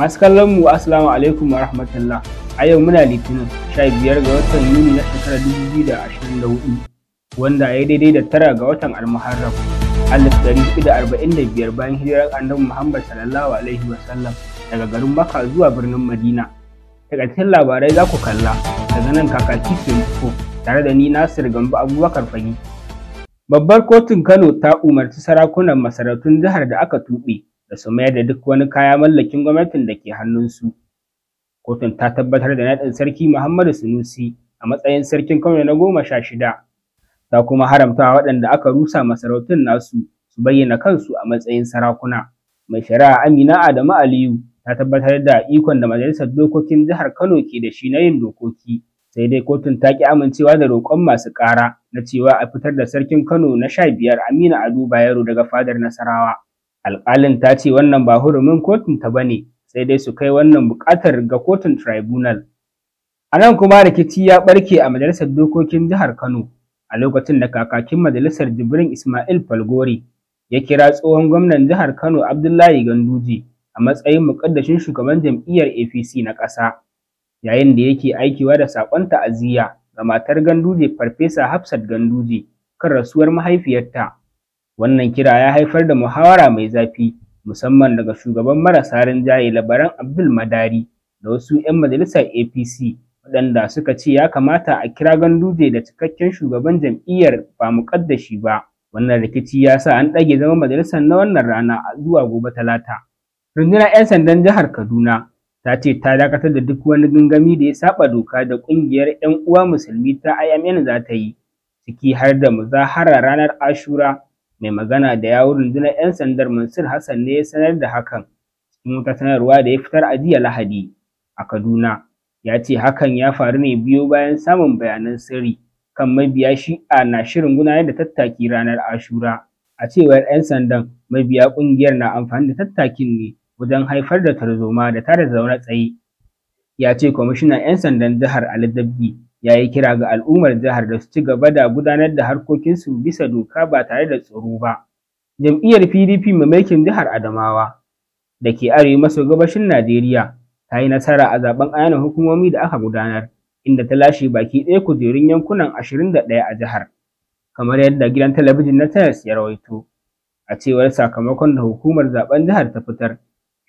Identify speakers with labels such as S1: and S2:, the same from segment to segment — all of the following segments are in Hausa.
S1: masu kallon mu assalamu alaikum wa rahmatullah a yau muna litinin Sha biyar ga watan yuni na shekarar 2024 wanda ya daidai da tara ga watan almuharram biyar bayan hijirar annabi muhammad sallallahu alaihi wasallam daga garin makka zuwa birnin madina daga cikin labarai za ku kalla daga nan kakaki ko tare da ni nasir gambu abubakar fagi babbar kotun kano ta umarci sarakunan masarautun jihar da aka tuɓe da su mayar da duk wani kaya mallakin gwamnatin da ke hannunsu. Kotun ta tabbatar da naɗin sarki Muhammadu Sunusi a matsayin sarkin Kano na goma sha shida, ta kuma haramta waɗanda aka rusa masarautun nasu su bayyana kansu a matsayin sarakuna. Mai shari'a Amina Adamu Aliyu ta tabbatar da ikon da Majalisar Dokokin Jihar Kano ke da shi na yin dokoki. Sai dai kotun ta ki amincewa da roƙon masu ƙara na cewa a fitar da sarkin Kano na sha biyar Amina Ado Bayero daga fadar Nasarawa. alƙalin ta ce wannan ba hurumin kotun ta ne, sai dai su kai wannan buƙatar ga kotun tribunal Anan kuma rikici ya ɓarke a majalisar dokokin jihar kano a lokacin da kakakin majalisar jibrin ismail falgore ya kira tsohon gwamnan jihar kano abdullahi ganduje a matsayin muƙaddashin shugaban jam'iyyar apc na ƙasa yayin da yake aikiwa da saƙon ta'aziyya ga matar ganduje farfesa hafsat ganduje kan rasuwar mahaifiyarta Wannan kira ya haifar da muhawara mai zafi musamman daga shugaban marasa rinjaye labaran Abdul Madari da wasu 'yan majalisar APC waɗanda suka ce ya kamata a kira Ganduje da cikakken shugaban jam'iyyar ba muƙaddashi ba. Wannan rikici ya sa an ɗage zama majalisar na wannan rana a zuwa gobe talata. Rundunar 'yan sandan jihar Kaduna ta ce ta dakatar da duk wani gangami da ya saba doka da ƙungiyar 'yan uwa musulmi ta IMN za ta yi, ciki har da muzahara ranar Ashura mai magana da yawun rundunar 'yan sandar mansur hassan ne ya sanar da hakan cikin wata sanarwa da ya fitar a jiya lahadi a kaduna ya ce hakan ya faru ne biyo bayan samun bayanan sirri kan mabiya shi'a na shirin gudanar da tattaki ranar ashura a cewar 'yan sandan mabiya ƙungiyar na amfani da tattakin ne wajen haifar da tarzoma da tare zaune tsaye ya ce kwamishinan 'yan sandan jihar ali dabbi ya yi kira ga al'ummar jihar da su ci gaba da gudanar da harkokinsu bisa doka ba tare da tsoro ba. Jam'iyyar PDP mamakin jihar Adamawa da ke arewa maso gabashin Najeriya ta yi nasara a zaben ƙananan hukumomi da aka gudanar inda ta lashe baki ɗaya kujerun yankunan ashirin da 21 a jihar kamar yadda gidan talabijin na tayas ya rawaito. A cewar sakamakon da hukumar zaben jihar ta fitar,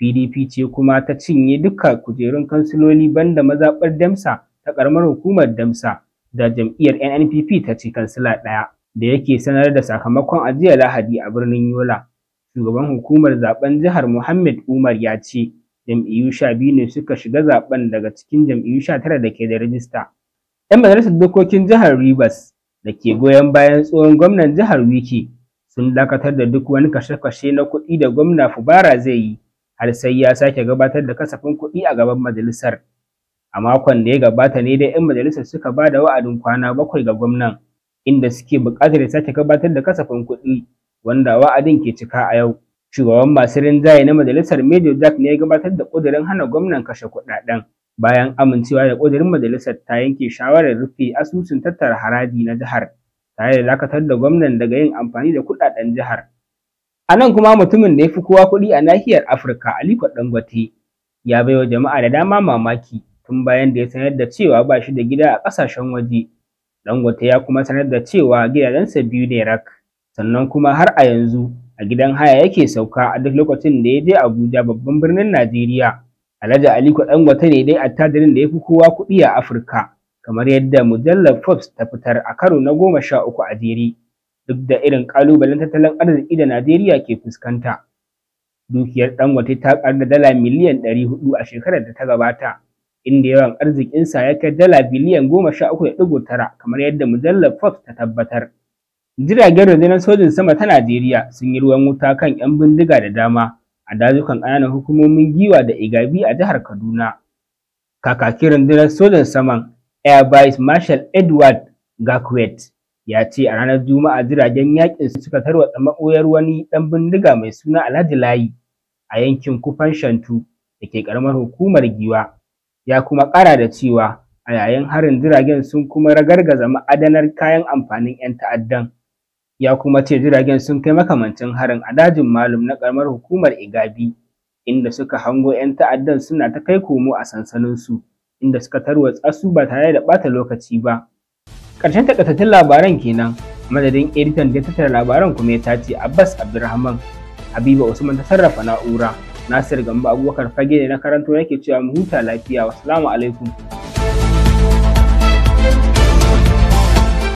S1: PDP ce kuma ta cinye duka kujerun kansiloli banda mazaɓar Demsa ta ƙaramar hukumar Damsa da jam'iyyar NNPP ta ci kansila ɗaya da yake sanar da sakamakon ajiyar Lahadi a birnin Yola. Shugaban hukumar zaben jihar Muhammad Umar ya ce jam'iyyu sha biyu ne suka shiga zaben daga cikin jam'iyyu sha tara da ke da rajista. 'Yan majalisar dokokin jihar Rivers da ke goyon bayan tsohon gwamnan jihar Wiki sun dakatar da duk wani kashe-kashe na kuɗi da gwamna Fubara zai yi har sai ya sake gabatar da kasafin kuɗi a gaban majalisar. a makon da ya gabata ne dai 'yan majalisar suka ba da wa'adin kwana bakwai ga gwamnan inda suke buƙatar ya sake gabatar da kasafin kuɗi wanda wa'adin ke cika a yau shugaban masu rinjaye na majalisar major jack ne ya gabatar da ƙudurin hana gwamnan kashe kuɗaɗen bayan amincewa da ƙudurin majalisar ta yanke shawarar rufe asusun tattara haraji na jihar tare da dakatar da gwamnan daga yin amfani da kuɗaɗen jihar a nan kuma mutumin da ya fi kowa kuɗi a nahiyar afirka aliko dangote ya baiwa jama'a da dama mamaki tun bayan da ya sanar da cewa ba shi da gida a ƙasashen waje. Dangote ya kuma sanar da cewa gidajensa biyu ne rak, sannan kuma har a yanzu a gidan haya yake sauka a duk lokacin da ya je Abuja babban birnin Najeriya. Alhaji Aliko Dangote ne dai attajirin da ya fi kowa kuɗi a Afirka, kamar yadda mujallar Forbes ta fitar a karo na goma sha uku a jere, duk da irin ƙalubalen tattalin arziki da Najeriya ke fuskanta. Dukiyar Dangote ta ƙarda da dala miliyan ɗari hudu a shekarar da ta gabata. inda yawan arzikinsa ya kai dala biliyan goma sha uku da ɗigo tara kamar yadda mujallar Fox ta tabbatar. Jiragen rundunar sojin sama ta Najeriya sun yi ruwan wuta kan 'yan bindiga da dama a dazukan ƙananan hukumomin giwa da igabi a jihar Kaduna. Kakakin rundunar sojin saman Air Vice Marshal Edward Gakwet ya ce a ranar Juma'a jiragen yakin suka tarwatsa maɓoyar wani ɗan bindiga mai suna Alhaji Layi a yankin Kufan Shantu da ke ƙaramar hukumar Giwa. ya kuma ƙara da cewa a yayin harin jiragen sun kuma ragargaza ma'adanar kayan amfanin 'yan ta'addan ya kuma ce jiragen sun kai makamancin harin a dajin malum na ƙaramar hukumar igabi inda suka hango 'yan ta'addan suna ta kai komo a sansaninsu inda suka tarwatsa su ba tare da ɓata lokaci ba ƙarshen takaitattun labaran kenan madadin editan da tattara labaran kuma ya tace abbas abdulrahman habiba usman ta sarrafa na'ura Nasir Gambo, Abubakar fage ne na karanto nake cewa mu huta lafiya. Assalamu alaikum.